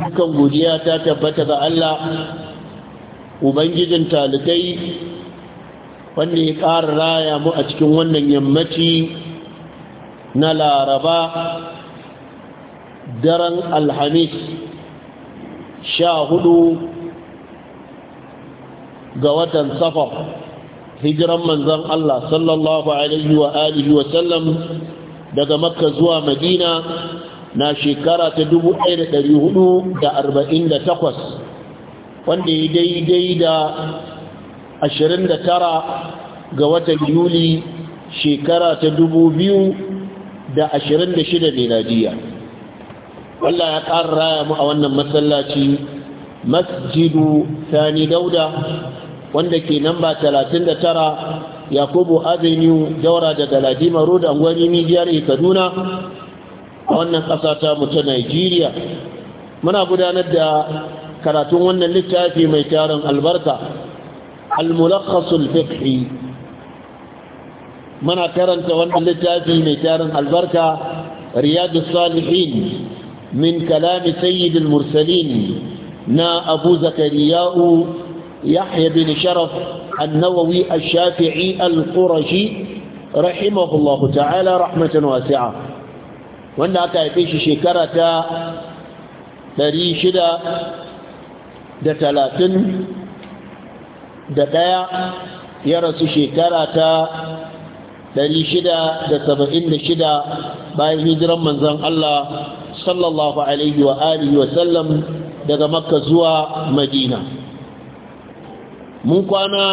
dukan godiya ta tabbata ga Allah ubangijin talibai wanda ya ƙara raya mu a cikin wannan yammaci na laraba daren alhamis sha hudu ga watan safar hijiran manzan Allah sallallahu alaihi wa alihi wa sallam daga makka zuwa madina na shekara ta ɗaya da hudu arba'in 1448 wanda ya daidai da 29 ga watan yuli shekara ta da 2026 miladiya Allah ya ƙara raya mu a wannan masallaci masjidu sani dauda wanda ke namba 39 yakubu avenue daura da galadima road angwani nijiyar kaduna a wannan ƙasa ta mutu ta Najeriya muna gudanar da karatun wannan littafi mai tarin albarka al-mulakhasul fiqhi muna karanta wannan littafi mai tarin albarka riyadus salihin min kalami sayyidil mursalin na abu zakariya'u yahya bin sharaf النووي الشافعي القرشي رحمه ta'ala rahmatan رحمة واسعة wanda aka haife shi shekara ta 631 ya rasu shekara ta 676 bayan hijiran manzan Allah sallallahu alaihi wa alihi wa sallam daga makka zuwa madina mun kwana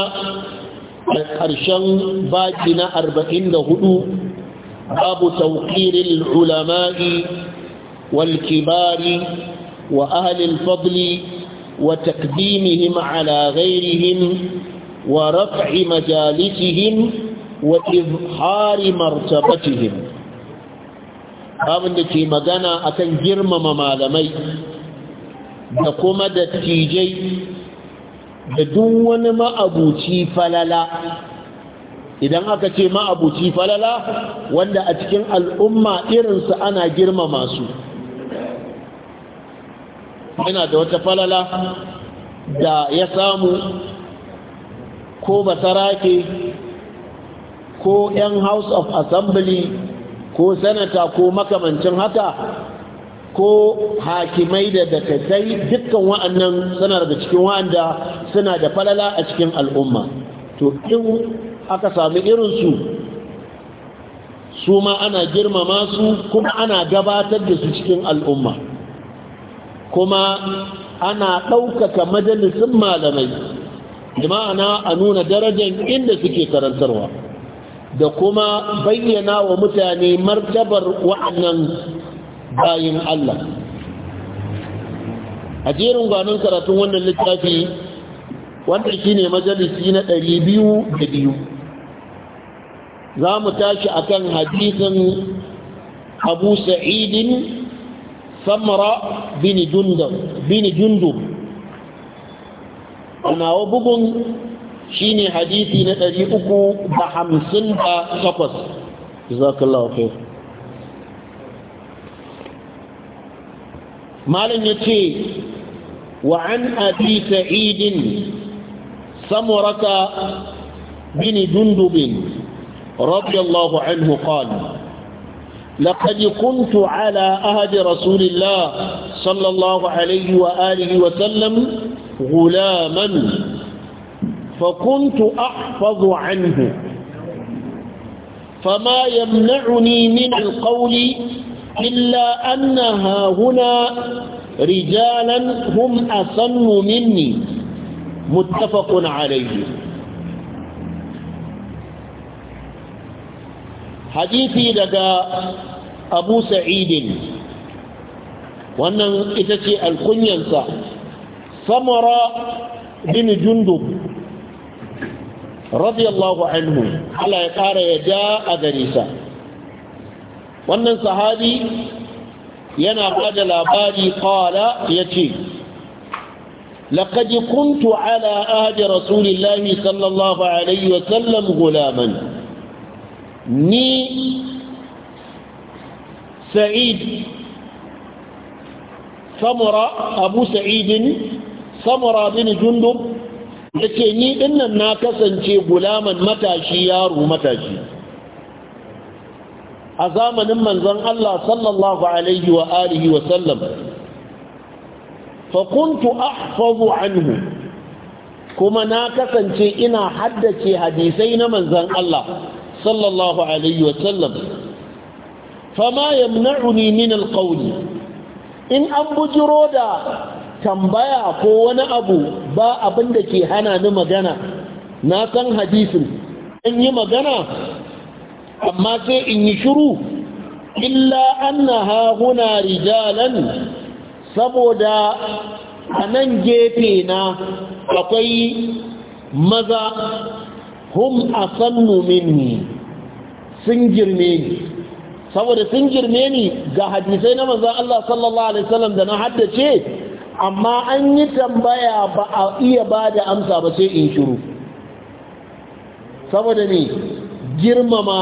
a ƙarshen baki na 44 باب توقير العلماء والكبار وأهل الفضل وتقديمهم على غيرهم ورفع مجالسهم وإظهار مرتبتهم abin da ke magana akan girmama malamai da kuma dattijai da duk wani ma'abuci falala idan aka ce ma'abuci falala wanda a cikin al'umma irinsa ana girmama su yana da wata falala da ya samu ko basarake ko 'yan house of assembly ko sanata ko makamancin haka ko hakimai da dattatai dukkan wa'annan suna daga cikin wa'anda suna da falala a cikin al'umma to aka sami irin su ma ana girmama su kuma ana gabatar da su cikin al'umma kuma ana ɗaukaka majalisun malamai da ma'ana a nuna darajar inda suke karantarwa da kuma bayyana wa mutane martabar wa'annan bayin Allah a jerin gwanon karatun wannan littafi wanda shine majalisi na biyu. za mu tashi a kan hadisin abu sa'idin samara bin jundub nawa bugun shi ne hadisi na 358 ka khair malam ya ce wa an abi sa'idin samuraka bin dundubin رضي الله عنه قال لقد كنت على أهد رسول الله صلى الله عليه وآله وسلم غلاما فكنت أحفظ عنه فما يمنعني من القول إلا أن هنا رجالا هم أسن مني متفق عليه hadisi daga abu sa'idin wannan ita ce alkunyansa samara bin jundub radiyallahu anhu ala ya ƙara ya ja a garisa wannan sahabi yana bada labari kala ya ce لقد كنت على أهد رسول الله صلى الله عليه وسلم غلاما ni sa'id samura abu sa'idin samura bin jundub ya ni dinnan na kasance gulaman matashi yaro matashi a zamanin manzon Allah sallallahu alaihi wa alihi wa fakuntu ahfazu anhu kuma na kasance ina haddace hadisai na manzon Allah صلى الله عليه وسلم فما يمنعني من القول إن أبو جرودا tambaya ko wani abu ba abin da ke hana ni magana na san hadisin in yi magana amma sai in yi shiru illa annaha huna rijalan saboda a nan gefe na akwai maza hum asannu minni sun girme ni saboda sun girme ni ga hadisai na manzon Allah sallallahu alaihi wasallam da na haddace amma an yi tambaya ba a iya ba da amsa ba sai in shiru saboda ne girmama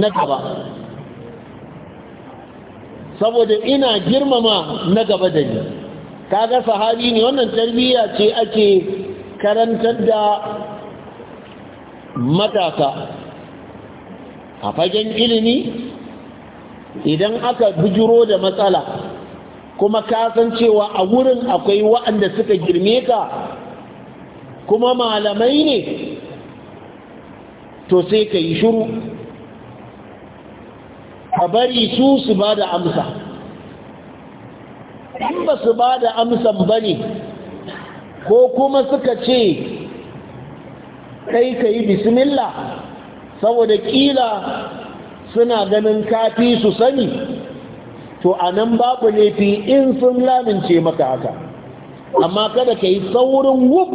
na gaba saboda ina girmama na gaba da ni kaga sahabi ne wannan tarbiyya ce ake karantar da matasa a fagen ilimi idan aka bijiro da matsala kuma ka san cewa a wurin akwai waɗanda suka girme ka kuma malamai ne to sai ka yi shuru a bari su su ba da amsa in ba su ba da amsan ba ne ko kuma suka ce kai ka yi bismillah saboda kila suna ganin kafi su sani to a nan babu laifi in sun lamince maka haka amma kada ka yi saurin wuk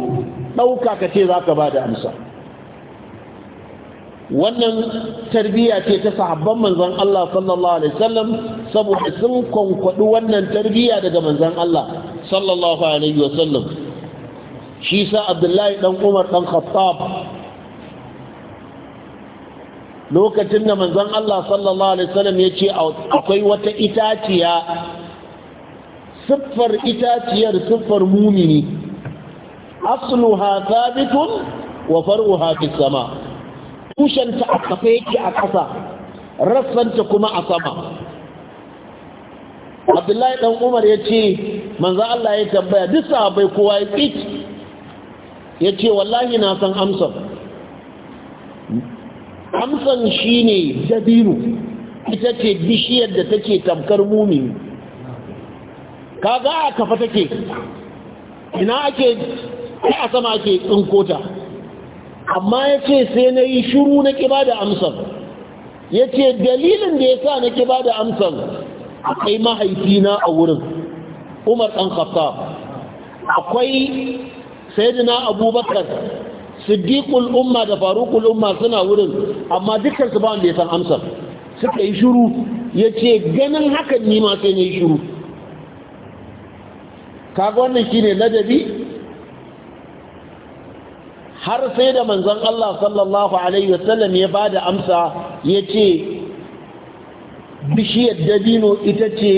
ɗauka ka ce za ka ba da amsa wannan tarbiyya ce ta sahabban manzan Allah sallallahu alaihi wasallam saboda sun kwankwaɗi wannan tarbiyya daga manzan Allah sallallahu alaihi wasallam shi sa Abdullahi ɗan Umar ɗan Khattab lokacin da manzon Allah sallallahu alaihi wasallam ya ce akwai wata itaciya siffar itaciyar siffar mumini asluha thabitun wa far'uha fis sama tushenta a kafa yake a ƙasa rassanta kuma a sama abdullahi dan umar ya ce manzo Allah ya tambaya duk sahabbai kowa ya tsit ya ce wallahi na san amsar amsan shine dabino ita ce bishiyar da take tamkar mumini kaga a kafa take ina ake a sama ake tsinkota amma ya ce sai na yi shuru na kiba da amsar ya ce dalilin da ya sa na kiba da amsar akwai mahaifina a wurin umar ɗan khattab akwai sayidina abubakar siddiqul umma da faruqul umma suna wurin amma dukkan su ba wanda ya san amsar suka yi shiru yace ganin hakan ni ma sai yi shiru kaga wannan shine ladabi har sai da manzon Allah sallallahu alaihi wasallam ya bada amsa yace bishiyar dabino ita ce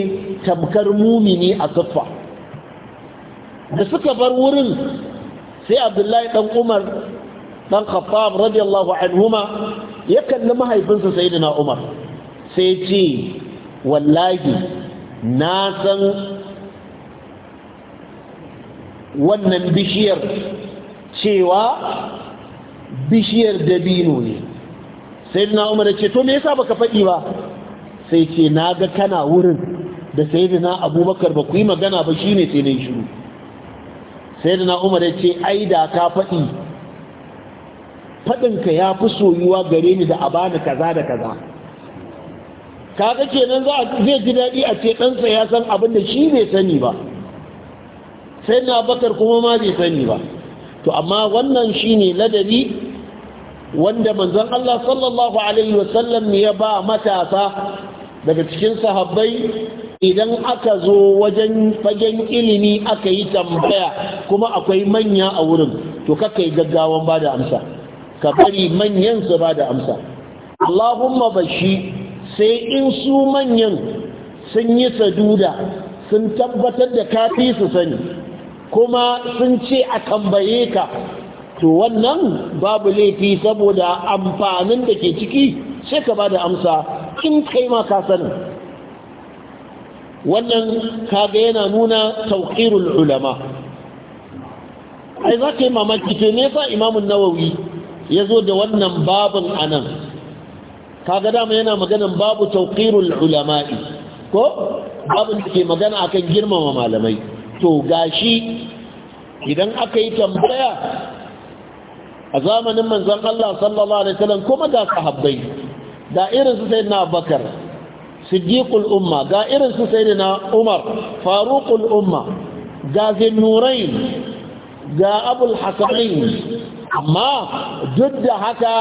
tamkar mumini a siffa da suka bar wurin sai abdullahi dan umar dan khattab radiyallahu anhuma ya kalli mahaifinsa sayyidina umar sai ce wallahi na san wannan bishiyar cewa bishiyar dabino ne sayyidina umar ce to me yasa baka faɗi ba sai ce na ga kana wurin da sayyidina abubakar ba ku yi magana ba shine sai na yi shiru sayyidina umar ya ce ai da ka faɗi faɗinka ya fi soyuwa gare ni da a bani kaza da kaza kaga kenan za zai ji daɗi a ce ɗansa ya san abin da shi bai sani ba sai na bakar kuma ma bai sani ba to amma wannan shine ladabi wanda manzon Allah sallallahu alaihi wasallam ya ba matasa daga cikin sahabbai idan aka zo wajen fagen ilimi aka yi tambaya kuma akwai manya a wurin to kakai gaggawan ba da amsa ka bari manyan su ba da amsa Allahumma bashi sai in su manyan sun yi saduda sun tabbatar da kafi su sani kuma sun ce a tambaye ka to wannan babu laifi saboda amfanin da ke ciki sai ka ba da amsa in kai ma ka sani wannan kaga yana nuna tauƙirul ulama ai za ka yi mamaki to nesa imamun nawawi ya zo da wannan babin a nan kaga dama yana maganin babu tauƙirul ulama'i ko babin da ke magana akan girmama malamai to gashi idan aka yi tambaya a zamanin manzon Allah sallallahu alaihi wasallam kuma ga sahabbai da irin su na Bakar, siddiqul umma ga irin su na Umar faruqul umma ga zinnurain ga abul hasanin amma duk da haka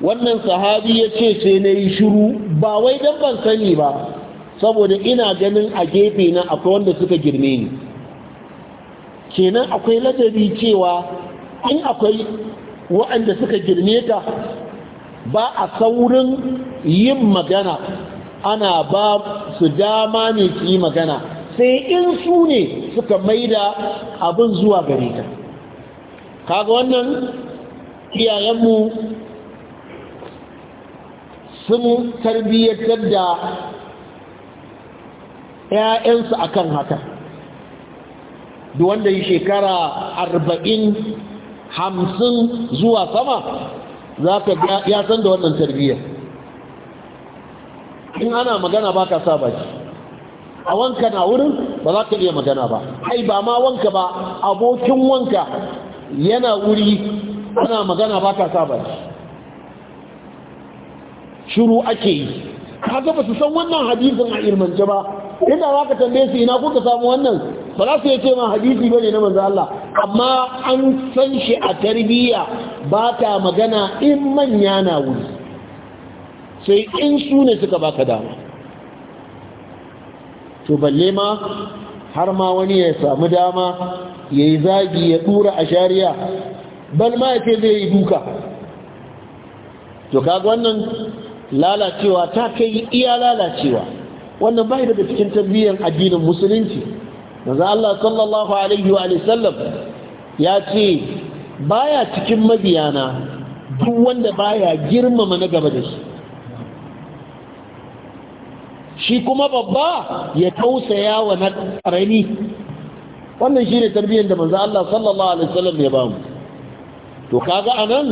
wannan sahabi ya ce sai na yi shiru ba wai don ban sani ba saboda ina ganin a gefe na akwai wanda suka girme ni kenan akwai ladabi cewa in akwai waɗanda suka girme ta. ba a saurin yin magana ana ba su dama ne su yi magana sai in su ne suka maida abin zuwa gare ta kaga wannan iyayenmu sun tarbiyyatar da 'ya'yansu akan haka da wanda yi shekara arba'in hamsin zuwa sama za ka ya san da wannan tarbiyyar in ana magana ba ka sa a wanka na wurin ba za ka iya magana ba ai ba ma wanka ba abokin wanka yana wuri ana magana ba ta saba shiru ake yi kaga ba su san wannan hadisin a ilmance ba inda za ka tambaye su ina kuka samu wannan ba za su yake ma hadisi ba ne na manzo Allah amma an san shi a tarbiyya ba ta magana in manya na wuri sai in su ne suka baka dama to balle ma har ma wani ya samu dama ya yi zagi ya tura a shari'a bal ma ya ce zai yi duka to kaga wannan lalacewa ta kai iya lalacewa wannan bai daga cikin tarbiyyar addinin musulunci maza Allah sallallahu alaihi wa sallam ya ce baya cikin mabiyana duk wanda baya girmama na gaba da shi shi kuma babba ya tausaya wa na ƙarami wannan shi ne tarbiyyar da manzo Allah sallallahu alaihi wasallam ya bamu to kaga anan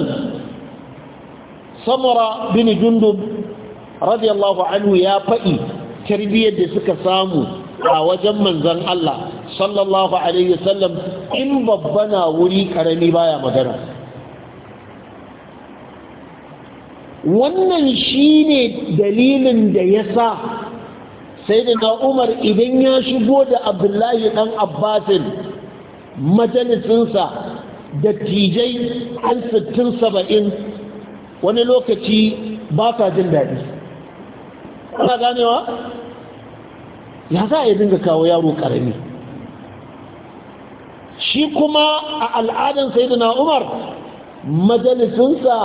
samara bin jundub radiyallahu anhu ya faɗi tarbiyyar da suka samu a wajen manzan Allah sallallahu alaihi wasallam in babba na wuri karami baya magana wannan shi ne dalilin da ya sa sai umar idan ya shigo da abdullahi dan abbasin majalisinsa da tijai an sittin saba'in wani lokaci ba sa jin daɗi ana ganewa ya za a yi dinga kawo yaro ƙarami shi kuma a al'adar sayyidina umar majalisinsa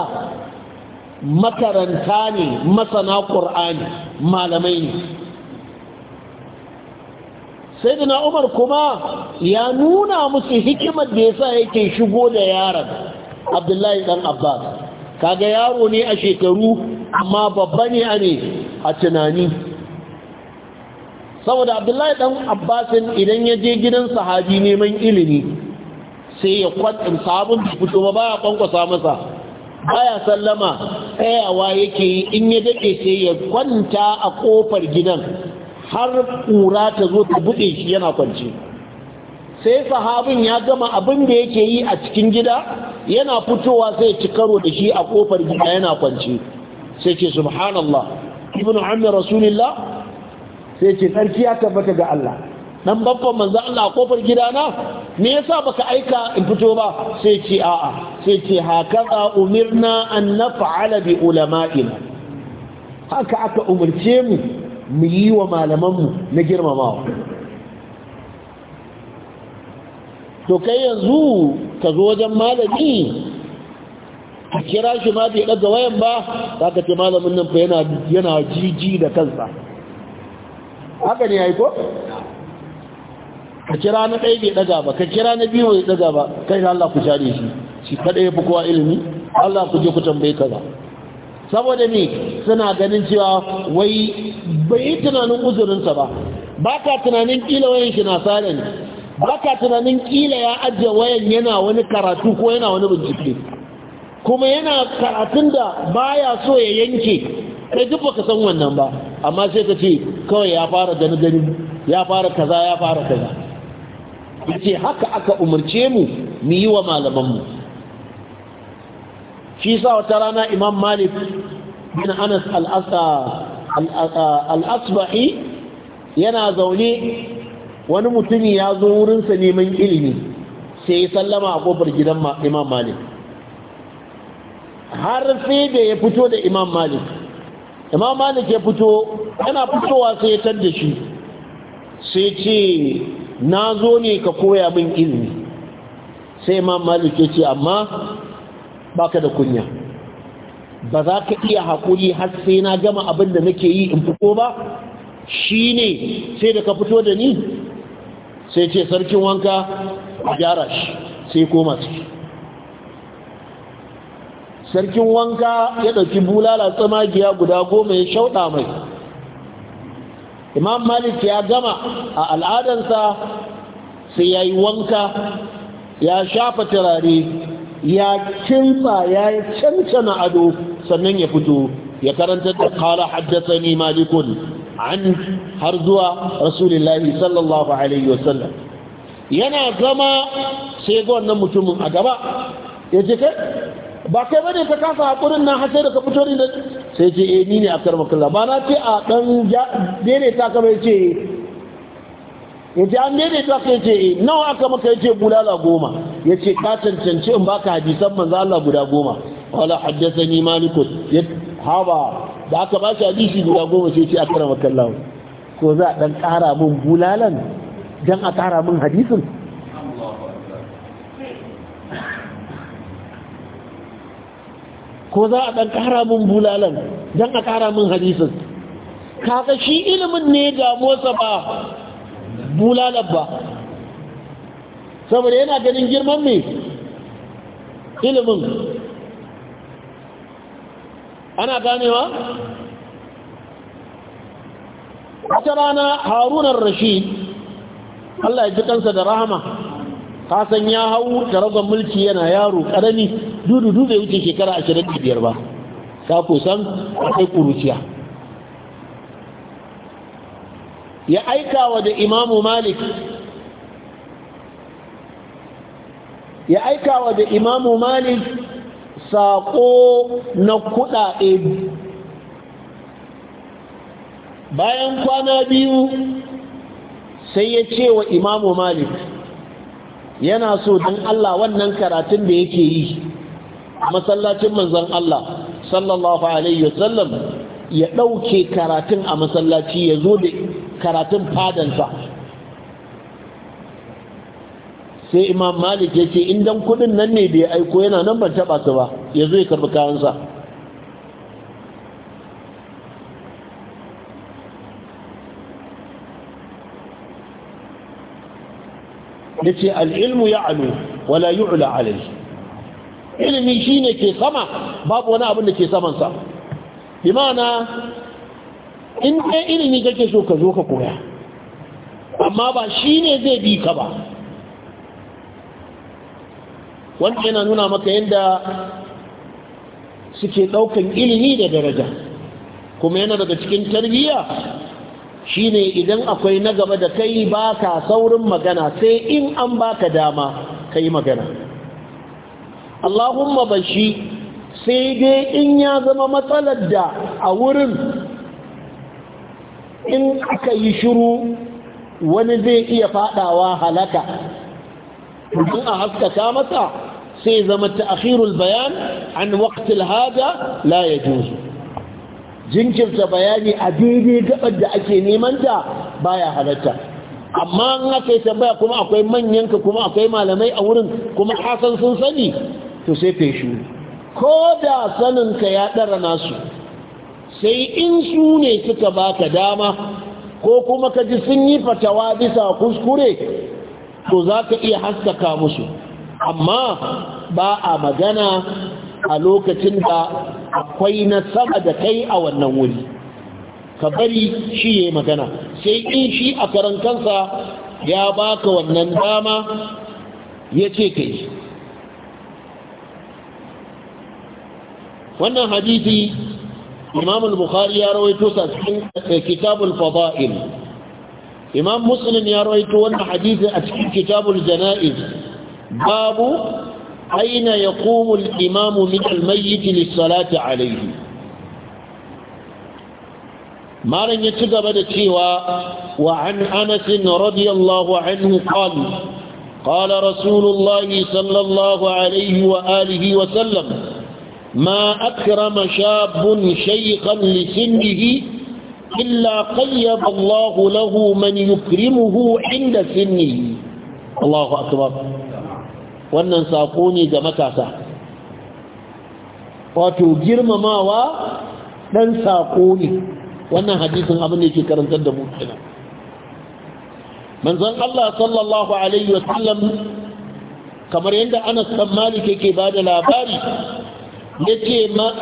makaranta ne masana ƙur'ani malamai ne sai dina umar kuma ya nuna musu hikimar da ya sa yake shigo da yaron abdullahi dan abbas kaga yaro ne a shekaru amma babba ne a ne a tunani saboda abdullahi dan abbasin idan ya je gidan sahabi neman ilimi sai ya kwatsin sabon fito ba baya kwankwasa masa baya sallama tsayawa yake yi in ya daɗe sai ya kwanta a ƙofar gidan har kura ta zo ta buɗe shi yana kwanci sai sahabin ya gama abin da yake yi a cikin gida yana fitowa sai ci karo da shi a kofar gida yana kwanci sai ce subhanallah ibn ammi rasulillah sai ce sarki ya tabbata ga Allah dan babban manzo Allah a kofar gida na me yasa baka aika in fito ba sai ce a'a sai ce hakaza umirna an naf'ala bi ulama'ina haka aka umarce mu mu yi wa malamanmu na girmamawa to kai yanzu ka zo wajen malami a kira shi ma bai ɗaga wayan ba za ka ce malamin nan fa yana jiji da kansa haka ne haiko? ka kira na ɗaya bai ɗaga ba ka kira na biyu bai ɗaga ba kai Allah ku share shi shi faɗa ya fi kowa ilimi Allah ku je ku tambaye kaza saboda me suna ganin cewa wai bai yi tunanin uzurinsa ba ba ka tunanin kila wayan shi na sare ne ba ka tunanin kila ya ajiye wayan yana wani karatu ko yana wani bincike kuma yana karatun da ba ya so ya yanke kai duk baka san wannan ba amma sai ka ce kawai ya fara gani gani ya fara kaza ya fara kaza ce haka aka umarce mu mu yi wa malamanmu shi sa wata rana imam malik bin anas al-asbahi yana zaune wani mutumi ya zo wurinsa neman ilimi sai ya sallama a kofar gidan imam malik har sai da ya fito da imam malik imam malik ya fito yana fitowa sai ya tar da shi sai ce na zo ne ka koya min ilimi sai imam malik ya ce amma baka da kunya ba za ka iya haƙuri har sai na gama abin da nake yi in fito ba shi ne sai da ka fito da ni sai ce sarkin wanka a gyara shi sai koma su sarkin wanka ya ɗauki bulala tsamagiya guda goma ya shauɗa mai imam malik ya gama a al'adansa sai ya yi wanka ya shafa turare ya kinsa ya yi cancana ado sannan ya fito ya karanta da kala haddasa ni malikun an har zuwa rasulullahi sallallahu alaihi wasallam yana zama sai ga wannan mutumin a gaba ya ce kai ba kai bane ka kasa hakurin nan hasai da ka fito ne sai ce eh ni ne a karmakin ba ce a dan daidaita ka bai ce ya ce an ta ka ce eh, nawa aka maka ya ce bulala goma ya ce ka cancanci in baka hadisan manzo Allah guda goma wala haddathani malikus ya haba da aka ba shi hadisi guda goma sai ce akara makallahu ko za a dan kara mun bulalan dan a kara mun hadisin ko za a dan kara mun bulalan dan a kara mun hadisin kaga shi ilimin ne damuwarsa ba bulalar ba saboda yana ganin girman mai ilimin ana ganewa wata rana harunan rashid allah ya ji kansa da rahama kasan ya hau ragon mulki yana yaro karami dudu bai wuce shekara 25 ba ka kusan akwai kuruciya ya aikawa da imamu malik ya wa da imamu malik saƙo na kuɗaɗe bayan kwana biyu sai ya ce wa imamu malik yana so don Allah wannan karatun da yake yi masallacin manzan Allah sallallahu alaihi wasallam ya ɗauke karatun a masallaci ya zo da karatun fadansa sai imam malik ya ce indan kudin nan ne da aiko yana nan ban taba su ba ya zo ya karbi kayansa ya ce al'ilmu ya alu wala yi ula alai ilimi shi ne ke sama babu wani abin da ke samansa imana in ɗaya ilimi kake so ka zo ka koya amma ba shi ne zai bi ka ba wanda yana nuna maka yadda suke ɗaukan ilimi da daraja kuma yana daga cikin tarbiyya shine idan akwai na gaba da kai baka ka saurin magana sai in an baka dama ka yi magana allahumma bashi sai dai in ya zama matsalar da a wurin in aka yi shiru wani zai iya fadawa halaka in a haskaka masa sai zama akhirul bayan an waqtil hada la yajuzu jinkirta bayani a daidai gabar da ake neman ta baya halatta amma in aka yi tambaya kuma akwai manyanka kuma akwai malamai a wurin kuma hasan sun sani to sai feshu ko da saninka ya ɗara nasu sai in su ne suka baka dama ko kuma ka ji sun yi fatawa bisa kuskure to za ka iya haskaka musu amma ba a magana a lokacin da akwai na sama da kai a wannan wuri ka bari shi ya magana sai in shi a karan kansa ya baka wannan dama ya ce ka yi wannan hadithi imam al-bukhari ya rawaito sa cikin eh, kitabul fada'il imam muslim ya rawaito wannan hadisi a cikin kitabul janaiz babu aina yaqumu al-imam min al-mayyit lis-salati alayhi malan ya ci gaba da cewa wa an anas radiyallahu anhu qala قال رسول الله صلى wa عليه ما أكرم شاب شيخا لسنه إلا قيب الله له من يكرمه عند سنه الله أكبر wannan saƙo ne ga matasa wato girmamawa ɗan saƙo ne wannan hadisin abin da ke karantar da mu. mutane manzon Allah sallallahu alaihi wasallam kamar yadda Anas bin Malik yake bada labari ya yace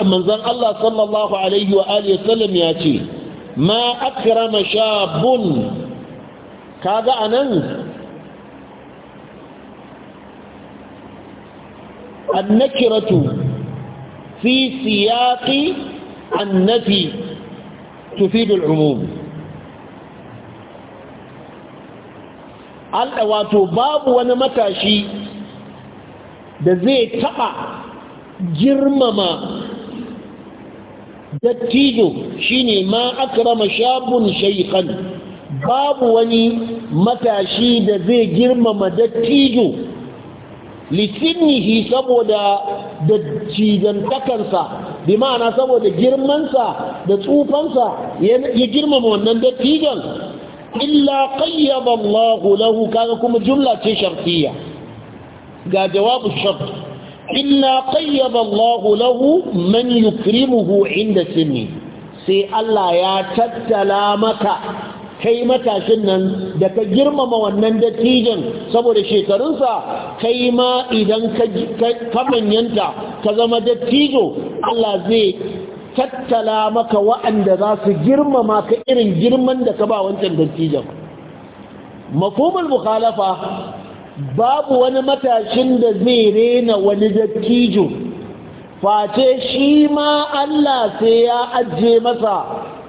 manzon Allah sallallahu alaihi wa alihi wasallam ya ce ma akrama shabun kaga anan النكرة في سياق النفي تفيد العموم wato babu wani matashi da zai taɓa girmama dattijo shine ma akrama shabun shaykhan babu wani matashi da zai girmama dattijo litinihi saboda dattijantakansa bi ma'ana saboda girmansa da tsufansa ya girmama wannan dattijan illa qayyaba Allahu lahu kaga kuma jumla ce shartiyya ga jawabu shart illa qayyaba Allah lahu man yukrimuhu inda sinni sai Allah ya tattala maka kai matashin nan da ka girmama wannan dattijan saboda shekarunsa kai ma idan ka manyanta ka zama dattijo Allah zai tattala maka wa'anda za su girmama ka irin girman da ka ba wancan dattijan mafhumul mukhalafa babu wani matashin da zai rena wani dattijo face shi ma Allah sai ya ajiye masa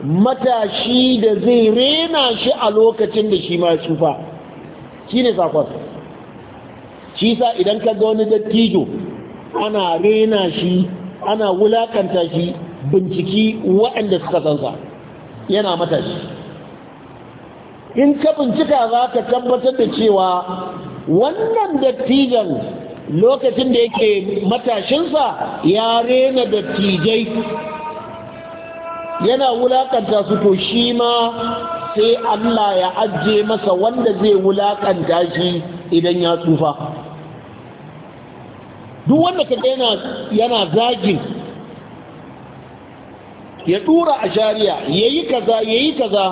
matashi da zai rena shi a lokacin da shi ma shufa shi ne sakon shi sa idan ka ga wani dattijo ana rena shi ana wulakanta shi binciki waɗanda suka sansa yana matashi in ka bincika za ka tabbatar da cewa wannan dattijan lokacin da yake matashinsa ya rena dattijai yana wulakanta su to shi ma sai Allah ya ajiye masa wanda zai wulaƙanta shi idan ya tsufa duk wanda ka yana yana zagin ya tura a shari'a yayi kaza yayi kaza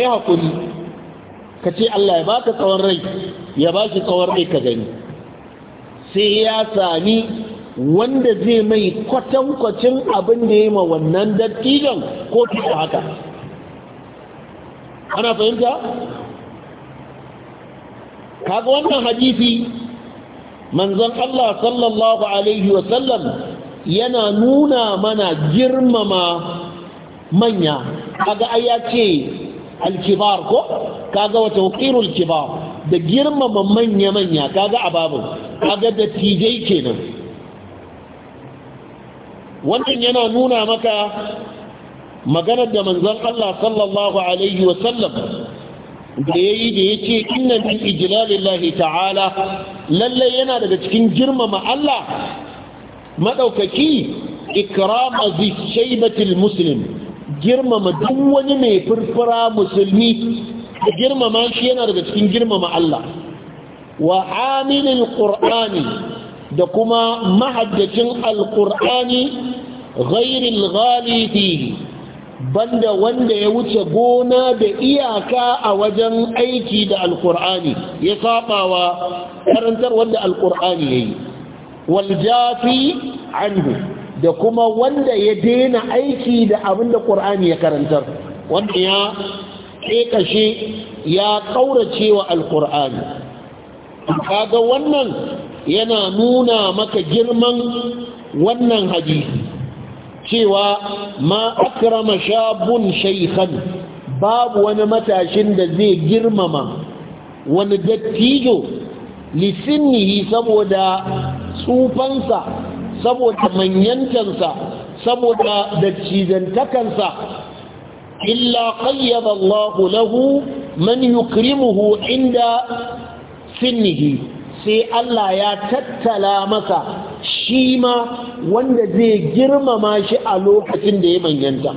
ya hakuri ka ce Allah ya baka tsawon rai ya ba shi tsawon rai ka gani sai ya sami wanda zai mai kwatankwacin abin da ya ma wannan dattijan ko fiye haka ana fahimta? kaga wannan hadisi manzan Allah sallallahu alaihi wasallam yana nuna mana girmama manya kaga ai ya ce alkibar ko kaga wa tawqirul kibar da girmama manya manya kaga ababin kaga da tijai kenan wannan yana nuna maka maganar da manzon Allah sallallahu alaihi wa sallam da yayi da ya inna min ijlalillahi ta'ala lalle yana daga cikin girmama Allah madaukaki ikrama zishaybatil muslim girmama duk wani mai furfura musulmi da girmama shi yana daga cikin girmama Allah wa amilin qur'ani da kuma mahaddacin alƙur'ani ghairil ghalifi banda wanda ya wuce gona da iyaka a wajen aiki da alƙur'ani ya sabawa karantar wanda alqur'ani yayi yi waljafi anhu da kuma wanda ya daina aiki da abin da ƙur'ani ya karantar wanda ya ƙeƙashe ya ƙaurace wa alƙur'ani kaga wannan yana nuna maka girman wannan hadisi cewa ma akrama shabun shaykhan babu wani matashin da zai girmama wani dattijo lisinnihi saboda tsufansa saboda manyantansa saboda dattijantakansa illa qayyada Allah lahu man yukrimuhu inda sinnihi sai Allah ya tattala masa shi ma wanda zai girmama shi a lokacin da ya manyanta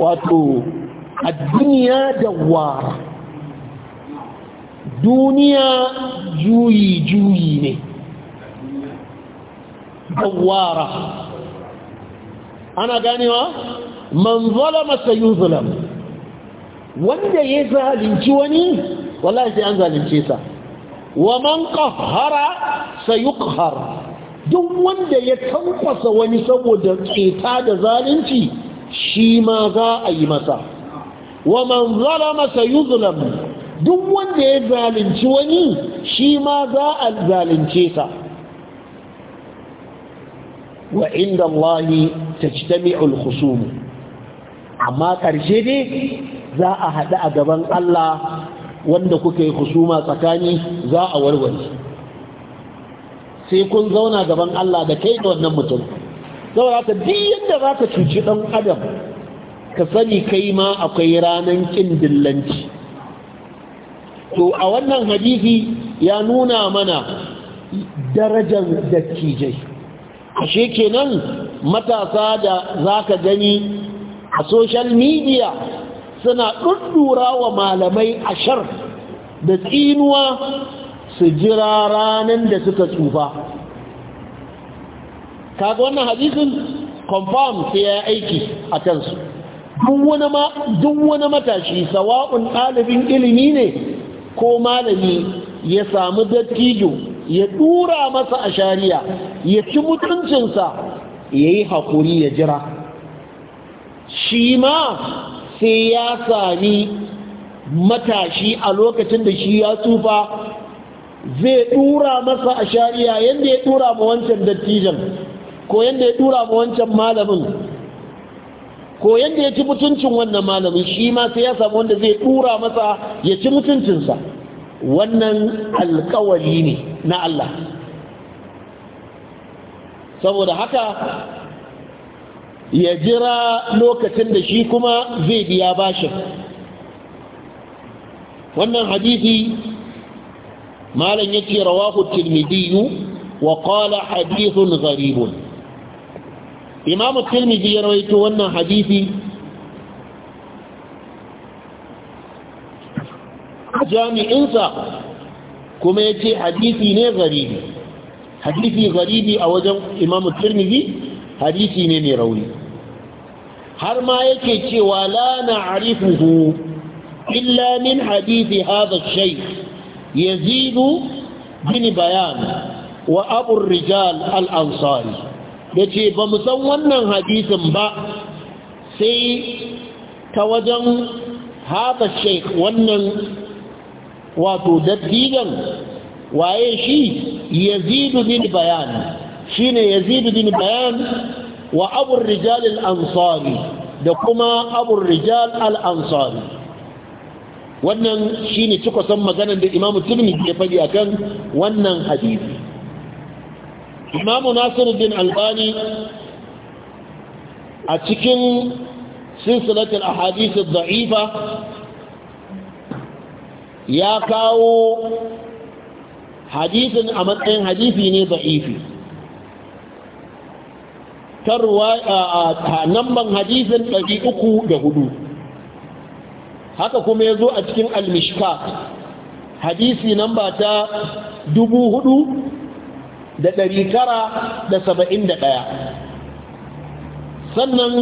wato a duniya da wara duniya juyi-juyi ne wara, ana ganewa man zalama sayuzlam wanda ya zalunci wani wallahi sai an zalunce sa wa man qahhara sayuqhar duk wanda ya tankwasa wani saboda tseta da zalunci shi ma za a yi masa wa man zalama sayuzlam duk wanda ya zalunci wani shi ma za a zalunce sa wa inda Allahi tajtami'ul khusum amma karshe ne za a hada a gaban Allah wanda kuka yi khusuma tsakani za a warware sai kun zauna gaban Allah da kai da wannan mutum saboda ka duk yadda za ka cuci dan adam ka sani kai ma akwai ranan kin dillanci to a wannan hadisi ya nuna mana darajar dattijai ashe kenan matasa da zaka gani a social media suna ɗuɗɗura wa malamai ashar da tsinuwa su jira ranar da suka tsufa kaga wannan hadisin confirm sai ya aiki a kansu duk wani matashi sawa'un ɗalibin ilimi ne ko malami ya samu dattijo ya dura masa a shari'a ya ci mutuncinsa ya yi haƙuri ya jira shi ma sai ya sami matashi a lokacin da shi ya tsufa zai dura masa a shari'a yadda ya dura ma wancan dattijan ko yadda ya dura ma wancan malamin ko yadda ya ci mutuncin wannan malamin shi ma sai ya sami wanda zai dura masa ya ci mutuncinsa wannan alkawari ne na Allah saboda haka ya jira lokacin da shi kuma zai biya bashin wannan hadisi malam yake rawahu tirmidhi wa qala hadithun gharibun imamu tirmidhi ya rawaito wannan hadisi jami'insa kuma ya ce hadisi ne garibi hadisi garibi a wajen imamu tirmidhi hadisi ne mai rauni har ma yake cewa la na'rifuhu illa min hadisi hadha shay yazidu bin bayan wa abun rijal al-ansari yace ba mu san wannan hadisin ba sai ta wajen hadha shay wannan wato dattijan waye shi yazidu bin bayan shine yazidu bin bayan wa abu rijal al-ansari da kuma abu rijal al-ansari wannan shine cika san maganar da imamu tirmi ya faɗi akan wannan hadisi imamu nasiruddin albani a cikin silsilatul ahadith ad ya kawo hadisin a matsayin hadisi ne da'ifi hadisin ɗari namban hadisin huɗu. haka kuma ya zo a cikin almishka hadisi namba ta ɗaya sannan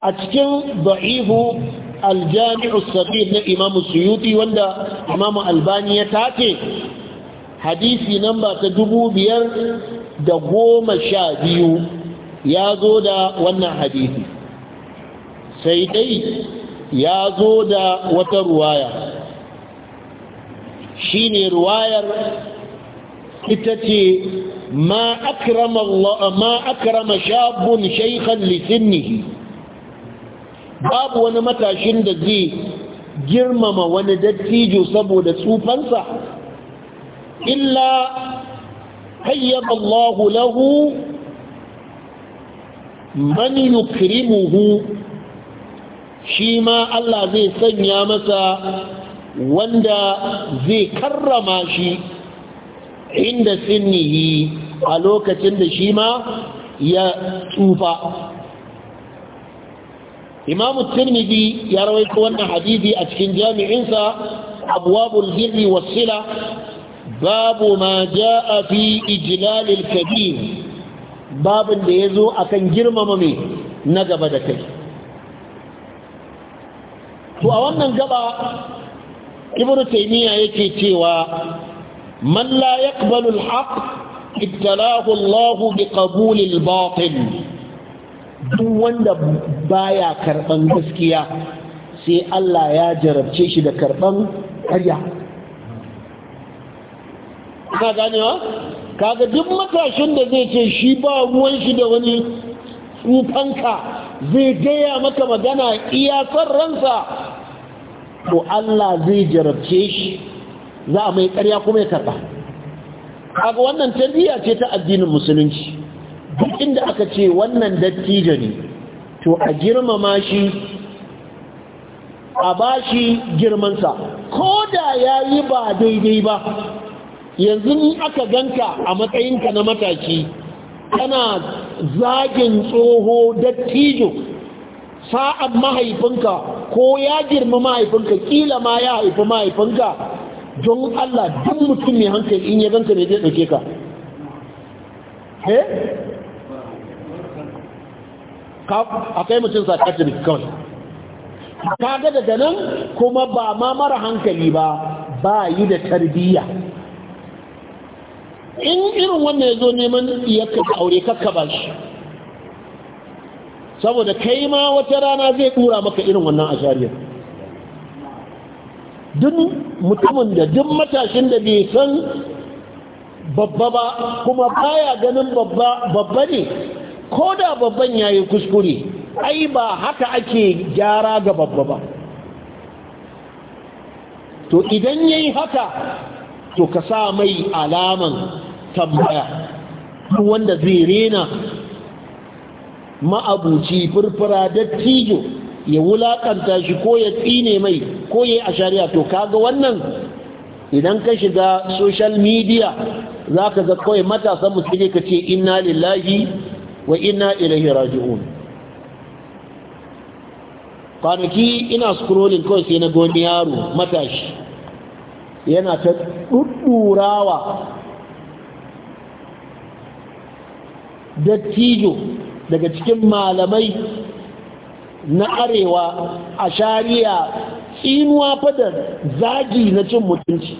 a cikin za'ifu. aljami'u sabir na imamu suyuti wanda imamu albani ya tace hadisi namba ta dubu biyar da goma sha biyu ya zo da wannan hadisi sai dai ya zo da wata ruwaya shi ne ruwayar ita ce ma akrama shabun shaikhan lisinnihi babu wani matashin da zai girmama wani dattijo saboda tsufansa illa hayyaba Allah lahu man yukrimuhu shi ma Allah zai sanya masa wanda zai karrama shi inda sinnihi a lokacin da shi ma ya tsufa imamu tirmidhi ya rawaito wannan hadisi a cikin jami'insa abwabul birri wasila babu ma jaa fi ijlalil kabir babin da a kan girmama mai na gaba da kai to a wannan gaba ibnu taymiya yake cewa man la yaqbalu al-haqq ibtalahu Allah biqabulil batil duk wanda baya karɓan gaskiya sai Allah ya jarabce shi da karban ƙarya ka ganewa kaga duk matashin da zai ce shi ba ruwan shi da wani tsufanka zai gaya maka magana iyakar ransa to Allah zai jarabce shi za a mai ƙarya kuma ya karba kaga wannan tarbiyya ce ta addinin musulunci duk inda aka ce wannan dattijo ne to a girmama shi a ba shi girmansa ko da ya yi ba daidai ba yanzu ni aka ganka a matsayinka na mataki kana zagin tsoho dattijo sa'ad mahaifinka ko ya girma mahaifinka kila ma ya haifi mahaifinka don Allah duk mutum mai hankali in ya ganka ne zai ɗauke ka eh? a kai mutum psychiatric kawai kaga daga nan kuma ba ma mara hankali ba ba yi da tarbiyya in irin wannan ya zo neman iyakar aure kaka ba shi saboda kai ma wata rana zai dura maka irin wannan ashariyar duk mutumin da duk matashin da bai san babba ba kuma baya ganin babba ne ko da babban ya yi kuskure ai ba haka ake gyara ga babba ba to idan ya yi haka to ka sa mai alaman tambaya wanda zai rena ma'abuci furfura dattijo ya wulaƙanta shi ko ya tsine mai ko ya yi a shari'a to kaga wannan idan ka shiga social media za ka ga kawai matasan musulmi ka ce inna lillahi wa inna ilaihi raji'un kwanaki ina scrolling kawai sai na goni yaro matashi yana ta ɗuɗɗurawa dattijo daga cikin malamai na arewa a shari'a tsinuwa fadar zagi na cin mutunci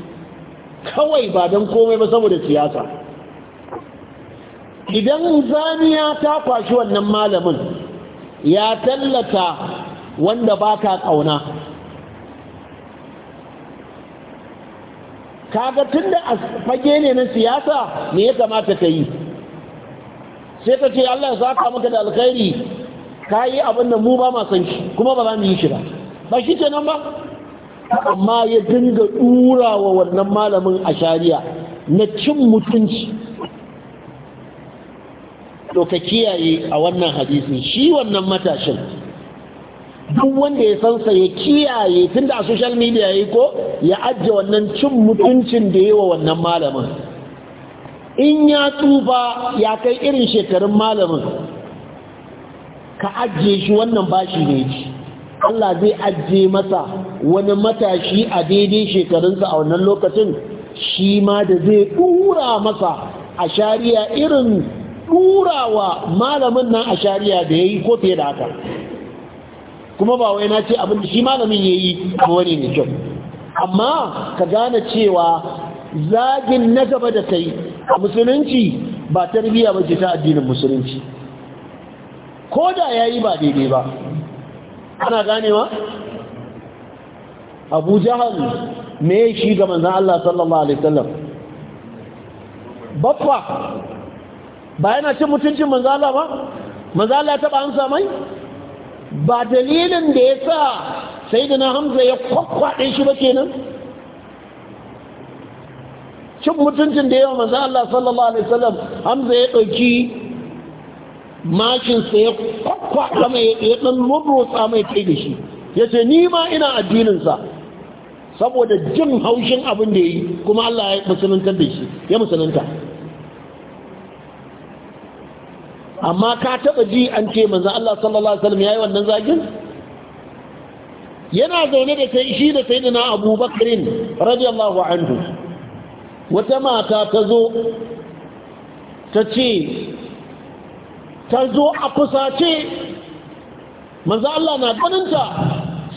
kawai ba don komai ba saboda siyasa idan zaniya ta kwashi wannan malamin ya tallata wanda ba ka ƙauna kaga tun da fage ne na siyasa me ya kamata ka yi sai ka ce Allah ya saka maka da alkhairi ka yi abin da mu ba ma san shi kuma ba za mu yi shi ba ba shi kenan ba amma ya dinga dura wa wannan malamin a shari'a na cin mutunci to ka kiyaye a wannan hadisi shi wannan matashin duk wanda ya sansa ya kiyaye tunda a social media yayi ko ya ajiye wannan cin mutuncin da yawa wannan malamin in ya tsufa ya kai irin shekarun malamin ka ajiye shi wannan bashi ne Allah zai ajiye masa wani matashi a daidai shekarunsa a wannan lokacin shi ma da zai dura masa a shari'a irin ɗurawa malamin nan a shari'a da ya yi ko fiye da haka kuma ba wai na ce abin da shi malamin ya yi wani ne kyau amma ka gane cewa zagin na gaba da kai a musulunci ba tarbiyya ba ce ta addinin musulunci ko da ya yi ba daidai ba ana ganewa abu jahal me shi ga manzan Allah sallallahu alaihi wasallam baffa ba yana cin mutuncin Manzala ba manzala ya taba amsa mai ba dalilin da ya sa sai da na Hamza ya kwakwaɗe shi ba kenan cin mutuncin da yawa manzala Allah sallallahu alaihi wasallam Hamza ya ɗauki makin sa ya kwakwaɗa mai ya ɗan mabrotsa mai kai da shi ya ce ni ma ina addininsa saboda jin haushin abin da ya yi kuma Allah ya musulunta da shi ya musulunta amma ka taba ji an ce manzo Allah sallallahu alaihi wasallam yayi wannan zagin yana zaune da kai shi da sayyidina Abu Bakr radiyallahu anhu wata mata ta zo ta ce ta zo a kusace manzo Allah na ganinta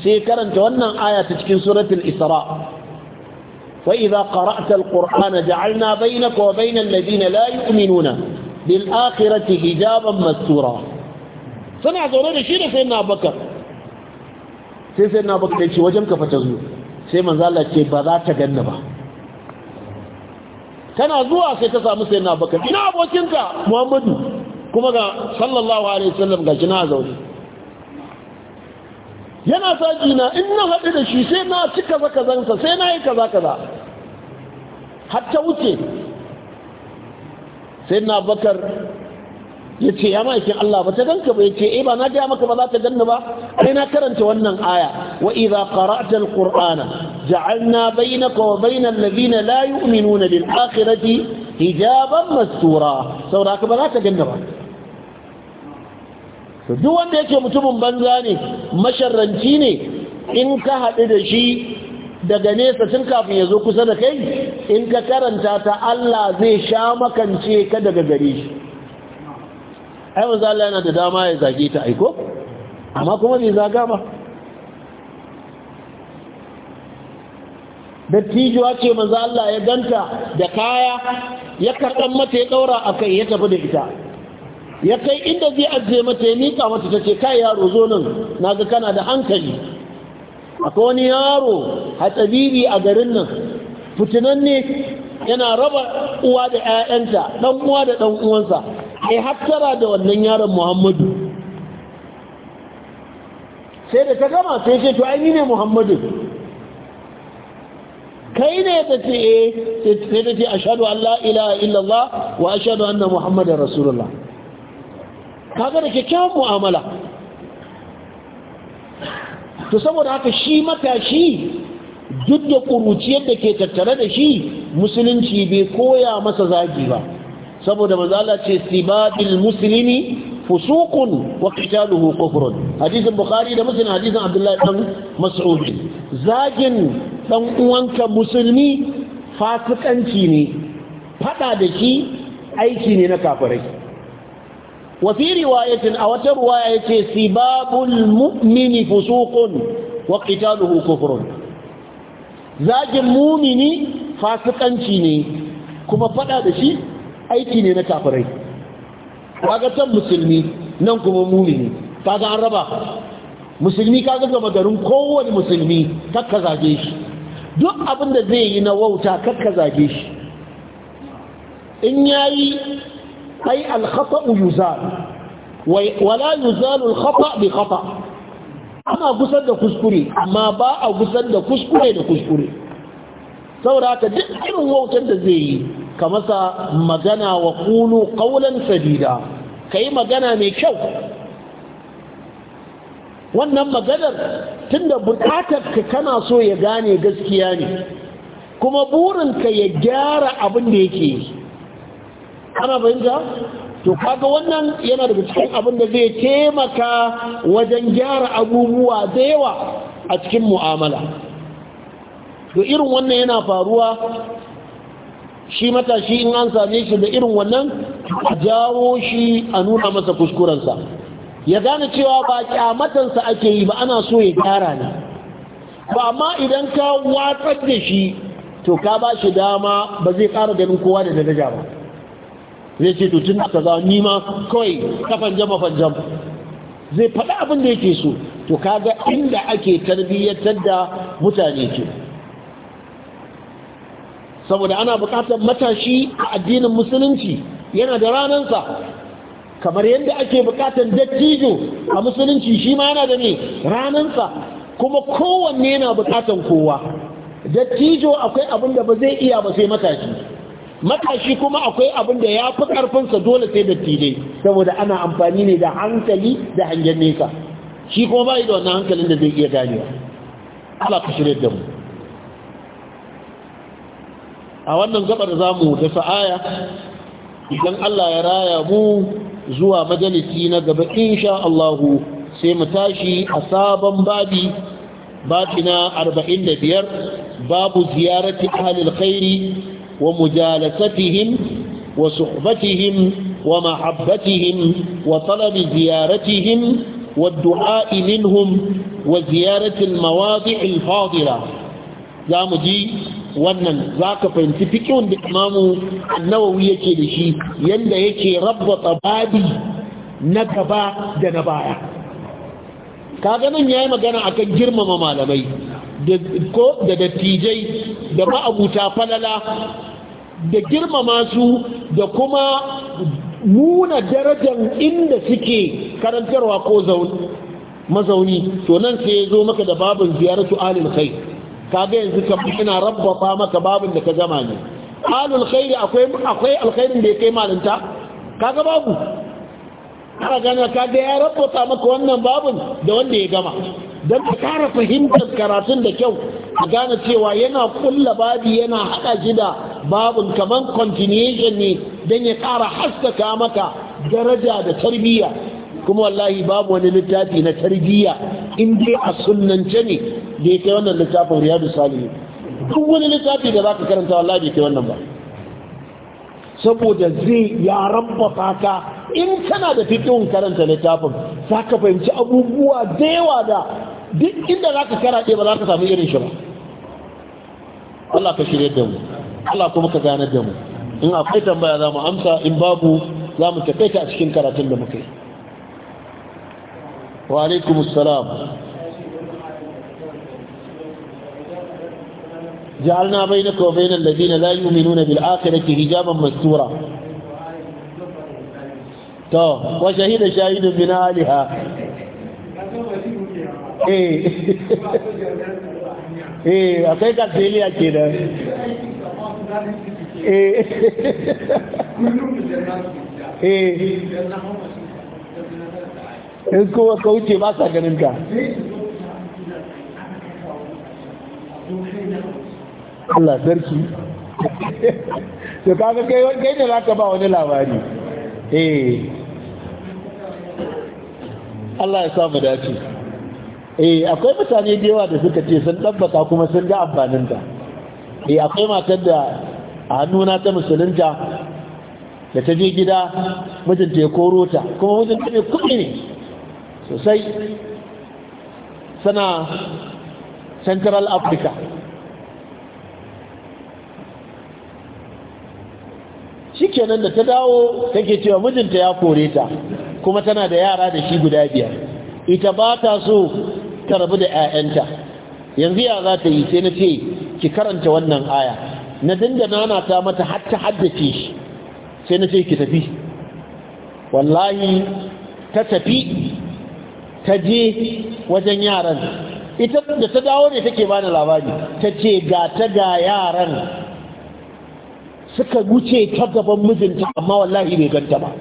sai karanta wannan aya ta cikin suratul Isra وإذا قرأت القرآن جعلنا بينك وبين الذين لا يؤمنون lil akhirati hijaban mastura suna zaune da shi da sai na bakar sai sai na bakar ce wajen kafa ta zo sai manzo Allah ce ba za ta ganna ba tana zuwa sai ta samu sai na bakar ina abokinka Muhammadu kuma ga sallallahu alaihi wasallam ga kina zaune yana saki na in na haɗu da shi sai na ci kaza kazansa sai na yi kaza kaza har ta wuce sai na bakar ya ce ya ma'aikin Allah ba ta ganka ba ya ce eh, ba na gaya maka ba za ta ganna ba ai na karanta wannan aya wa idza qara'ta alqur'ana ja'alna bainaka wa bainal ladina la yu'minuna bil akhirati hijaban mastura saboda ka ba za ta ganna ba duk wanda yake mutumin banza ne masharranci ne in ka haɗu da shi daga nesa tun kafin ya zo kusa da kai in ka karanta ta Allah zai sha makance ka daga gare shi ai wanzu Allah yana da dama ya zage ta aiko amma kuma bai zaga ba dattijuwa ce manzo Allah ya ganta da kaya ya karɓar mata ya ɗaura a kai ya tafi da ita ya kai inda zai ajiye mata ya miƙa mata ta ce kai yaro zo nan na ga kana da hankali akwai wani yaro hatsabibi a garin nan fitinan ne yana raba uwa da 'ya'yanta ɗan uwa da ɗan uwansa ai hattara da wannan yaron muhammadu sai da ta gama sai ce to ai ne muhammadu kai ne ta ce eh sai ta ce ashhadu an la ilaha illallah wa ashhadu anna muhammadar rasulullah kaga da kyakkyawan mu'amala to saboda haka shi matashi duk da ƙuruciyar da ke tattare da shi musulunci bai koya masa zagi ba saboda mazala ce sibabil musulmi fusuqun wa qitaluhu kufrun hadisin bukhari da muslim hadisin abdullahi dan mas'ud zagin dan uwanka musulmi fasikanci ne fada da shi aiki ne na kafirai wafi riwayatin a wata ruwaya yace sibabul mu'mini fusuqun wa qitaluhu kufrun zakin mu'mini fasikanci ne kuma fada da shi aiki ne na kafirai kaga musulmi nan kuma mu'mini kaga an raba musulmi kaga ga garin kowani musulmi takka zage shi duk abin da zai yi na wauta takka zage shi in yayi أي الخطأ يزال ولا يزال ana gusar da kuskure amma ba a gusar da kuskure da kuskure duk irin wautar da zai yi ka masa magana wa kulu kaulan sadida ka yi magana mai kyau wannan maganar tunda bukatar ka kana so ya gane gaskiya ne kuma burinka ya gyara abin da yake yi ana fahimta to kaga wannan yana daga cikin abin da zai taimaka wajen gyara abubuwa da yawa a cikin mu'amala to irin wannan yana faruwa shi matashi in an same shi da irin wannan a jawo shi a nuna masa kuskurensa ya gane cewa ba kyamatansa ake yi ba ana so ya gyara ne ba amma idan ka watsar da shi to ka ba shi dama ba zai ƙara ganin kowa da daraja ba zai ce to tun da kaza nima kawai kafan jama fanjam zai faɗa abin da yake so to kaga inda ake tarbiyyatar da mutane ke saboda ana buƙatar matashi a addinin musulunci yana da ranansa kamar yadda ake buƙatar dattijo a musulunci shi ma yana da ne ranansa kuma kowanne yana buƙatar kowa dattijo akwai abin da ba zai iya ba sai matashi matashi kuma akwai abin da ya fi ƙarfinsa dole sai da tile saboda ana amfani ne da hankali da hangen nesa shi kuma bai da wannan hankalin da zai iya ganewa Allah ka shirya da mu a wannan gabar za mu dasa aya idan Allah ya raya mu zuwa majalisi na gaba insha Allahu sai mu tashi a sabon babi babi na 45 babu ziyarati ahlil khairi ومجالستهم وصحبتهم ومحبتهم وطلب زيارتهم والدعاء منهم وزيارة المواضع الفاضلة زام جي wannan za ka fahimci fikin da imamu annawawi yake da shi yadda yake rabba babi na gaba da na baya kaga nan yi magana akan girmama malamai ko da dattijai da ma'abuta falala da girmama su da kuma nuna darajar inda suke karantarwa ko mazauni to nan sai ya zo maka da babin ziyaratu alil khair kaga yanzu ka ina rabbata maka babin da ka zama ne alil khair akwai akwai alkhairin da ya kai malinta kaga babu kaga gana kaga ya rabbata maka wannan babin da wanda ya gama don ka kara fahimtar karatun da kyau a gane cewa yana kulla babi yana haɗa shi da babin kamar continuation ne don ya kara haskaka maka daraja da tarbiyya kuma wallahi babu wani littafi na tarbiyya in dai a sunnance ne da ya kai wannan littafin riyadu salihu duk wani littafi da za ka karanta wallahi bai kai wannan ba saboda zai yaran bafaka in kana da fikin karanta littafin za ka fahimci abubuwa da yawa da duk inda za ka karaɗe ba za ka samu irin shi ba Allah ka shirya da mu Allah kuma ka gane da mu in akwai tambaya za mu amsa in babu za mu tafaita a cikin karatun da muka yi wa alaikumussalam جعلنا بينك وبين الذين لا يؤمنون بالآخرة حجابا مستورا تو وشهد شاهد من Aliha. Eh. eh akwai kafiliya ke da in ba sa ganin ka Allah kai ne zaka ba wani labari eh Allah ya samu dace eh akwai mutane da yawa da suka ce sun tabbata kuma sun ga amfaninta eh akwai matar da a hannuna ta musulunta da ta je gida mijinta ya koro ta kuma mijinta mai kuɗi ne sosai sana central africa shikenan da ta dawo take cewa mijinta ya kore ta kuma tana da yara da shi guda biyar ita ba ta so ta rabu da 'ya'yanta yanzu ya za ta yi sai na ce ki karanta wannan aya na dinga nana ta mata har ta haddace shi sai na ce ki tafi wallahi ta tafi ta je wajen yaran ita da ta dawo ne take bani labari ta ce ga ta ga yaran suka wuce ta gaban mijinta amma wallahi bai ganta ba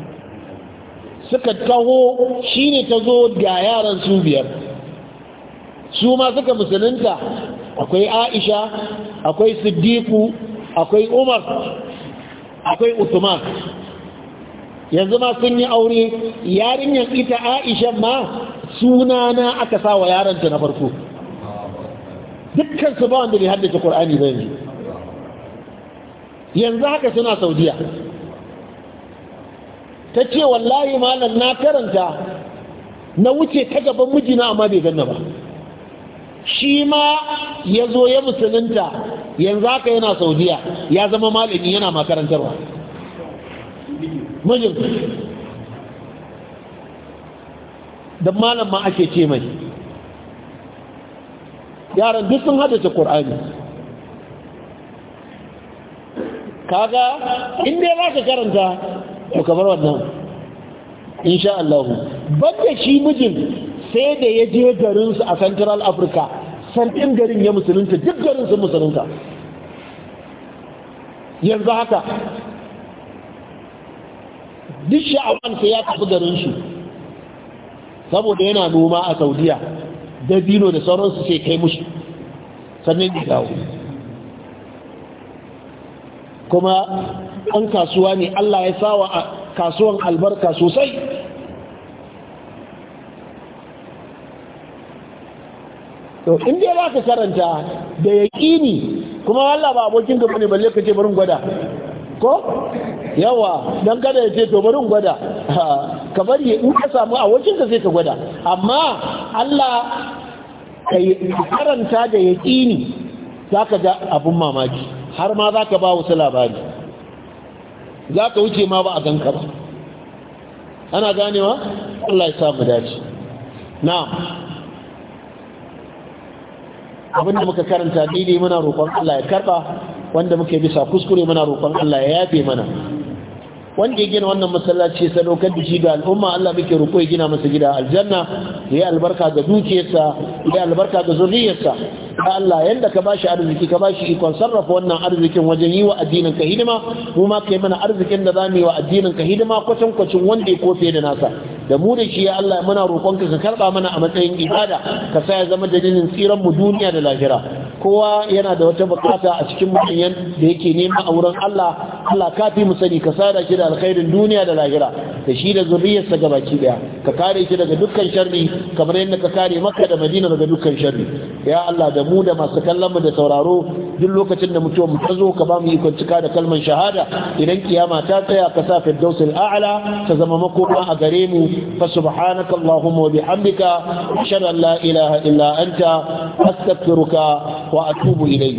suka taho shine ta zo ga yaran su biyar su ma suka musulunta akwai aisha akwai siddiku akwai umar akwai usman yanzu ma sun yi aure yarinyar ita aisha ma sunana aka sa wa yaranta na farko dukkan su ba wanda ne haddace Kur'ani ba yanzu yanzu haka suna saudiya ta ce wallahi malam na karanta na wuce ta gaban mijina amma bai ganna ba shi ma ya zo ya musulunta yanzu haka yana saudiya ya zama malami yana makarantarwa mijin da malam ma ake ce mai yaran duk sun ta ƙorani kaga inda ya za karanta to kamar wannan insha Allah ban da shi mijin sai da ya je garinsu a central africa santin garin ya musulunta duk garin sun musulunta yanzu haka duk sha'awan sai ya tafi garin shi saboda yana noma a saudiya dabino da sauransu sai kai mushi sannan ya dawo kuma an kasuwa ne allah ya sawa a kasuwan albarka sosai to in za ka karanta da yaƙini kuma Allah ba abokin gaba ne balle ka ce barin gwada ko yawa don kada ya ce to barin gwada ka bari in ka samu abokin ka sai ka gwada amma Allah ka karanta da yaƙini za ka ga abun mamaki har ma zaka ka ba wasu labari za wuce ma ba a ganka ba ana ganewa Allah ya samu dace na'am abinda muka karanta daidai muna roƙon Allah ya karɓa wanda yi bisa kuskure muna roƙon Allah ya yafe mana wanda ya gina wannan masallaci ya sadaukar da shi ga al'umma Allah muke roƙo ya gina masa gida aljanna ya albarka ga dukiyarsa ya albarka ga zuriyarsa Allah yanda ka bashi arziki ka bashi ikon sarrafa wannan arzikin wajen yi wa addinin ka hidima mu ma kai mana arzikin da zamu yi wa addinin ka hidima kwatan kwacin wanda ya kofe da nasa da mu da shi ya Allah muna roƙonka ka karba mana a matsayin ibada ka sa ya zama dalilin tsiran mu duniya da lahira kowa yana da wata bukata a cikin mutum da yake nema a wurin Allah Allah kafi mu sani ka sada shi da alkhairin duniya da lahira da shi da zuriyarsa gabaki daya ka kare shi daga dukkan sharri kamar yadda ka kare Makka da Madina daga dukkan sharri ya Allah da mu da masu kallon mu da sauraro duk lokacin da mutum ta zo ka ba mu ikon cika da kalman shahada idan kiyama ta tsaya ka sa firdausul a'la ta zama makoma a gare mu fa subhanaka allahumma wa bihamdika ashhadu an la ilaha illa anta astaghfiruka wa atubu ilayk